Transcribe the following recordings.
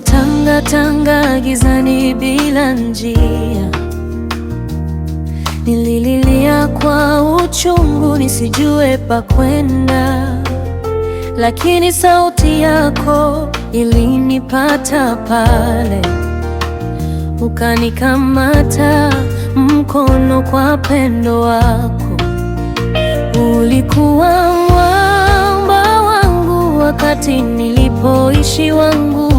tanga gizani bila njia, nilililia kwa uchungu nisijue pa kwenda, lakini sauti yako ilinipata pale, ukanikamata mkono kwa pendo wako. Ulikuwa mwamba wangu wakati nilipoishi wangu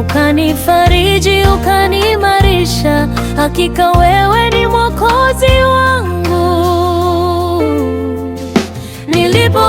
ukanifariji, ukanimarisha Hakika wewe ni mwokozi wangu nilipo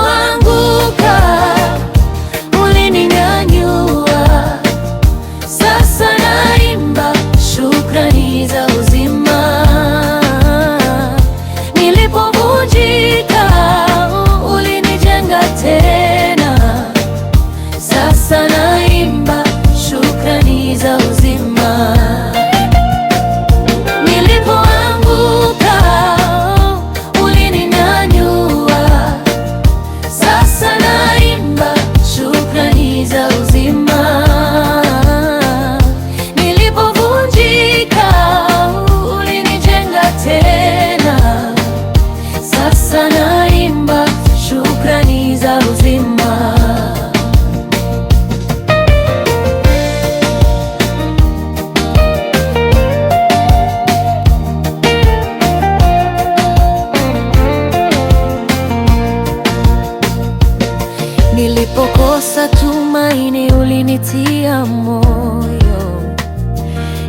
kukosa tumaini, ulinitia moyo,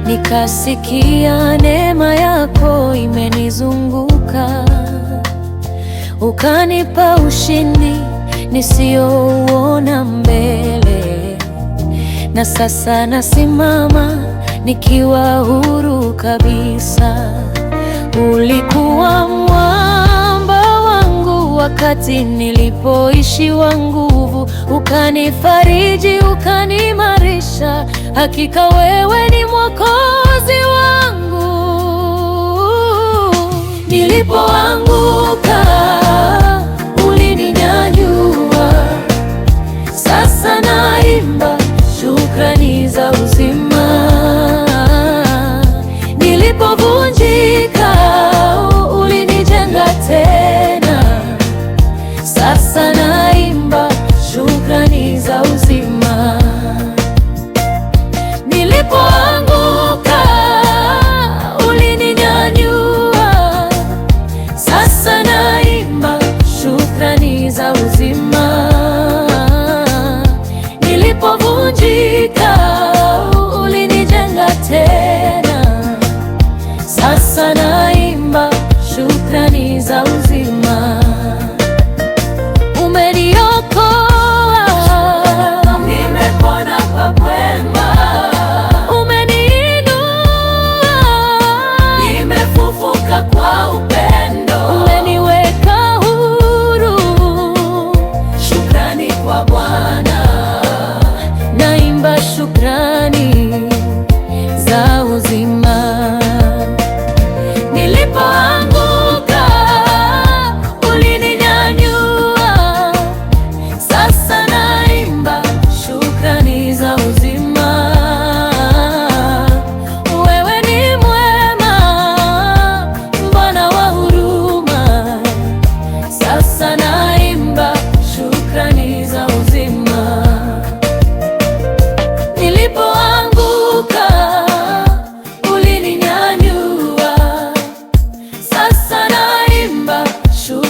nikasikia neema yako imenizunguka, ukanipa ushindi nisiyouona mbele, na sasa nasimama nikiwa huru kabisa. Ulikuwa mwana wakati nilipoishiwa nguvu, ukanifariji, ukanimarisha Hakika wewe ni mwokozi wangu. Nilipoanguka ulininyanyua, sasa naimba shukrani za uzima. Nilipovunjika ulinijenga tena za uzima.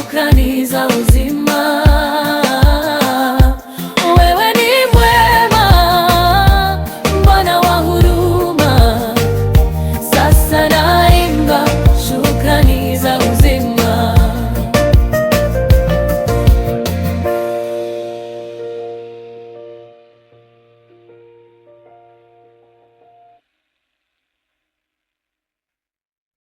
shukrani za uzima.